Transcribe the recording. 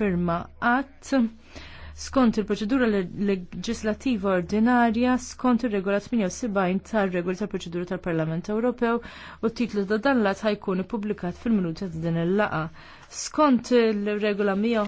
firma għat skont il-proċedura leġislativa ordinarja skont ir-regola 78 tar-regoli tal-proċedura tal-Parlament Ewropew u t-titlu ta' dan lat ħajkun ippubblikat fil-minuta ta' din il-laqa. Skont il-regola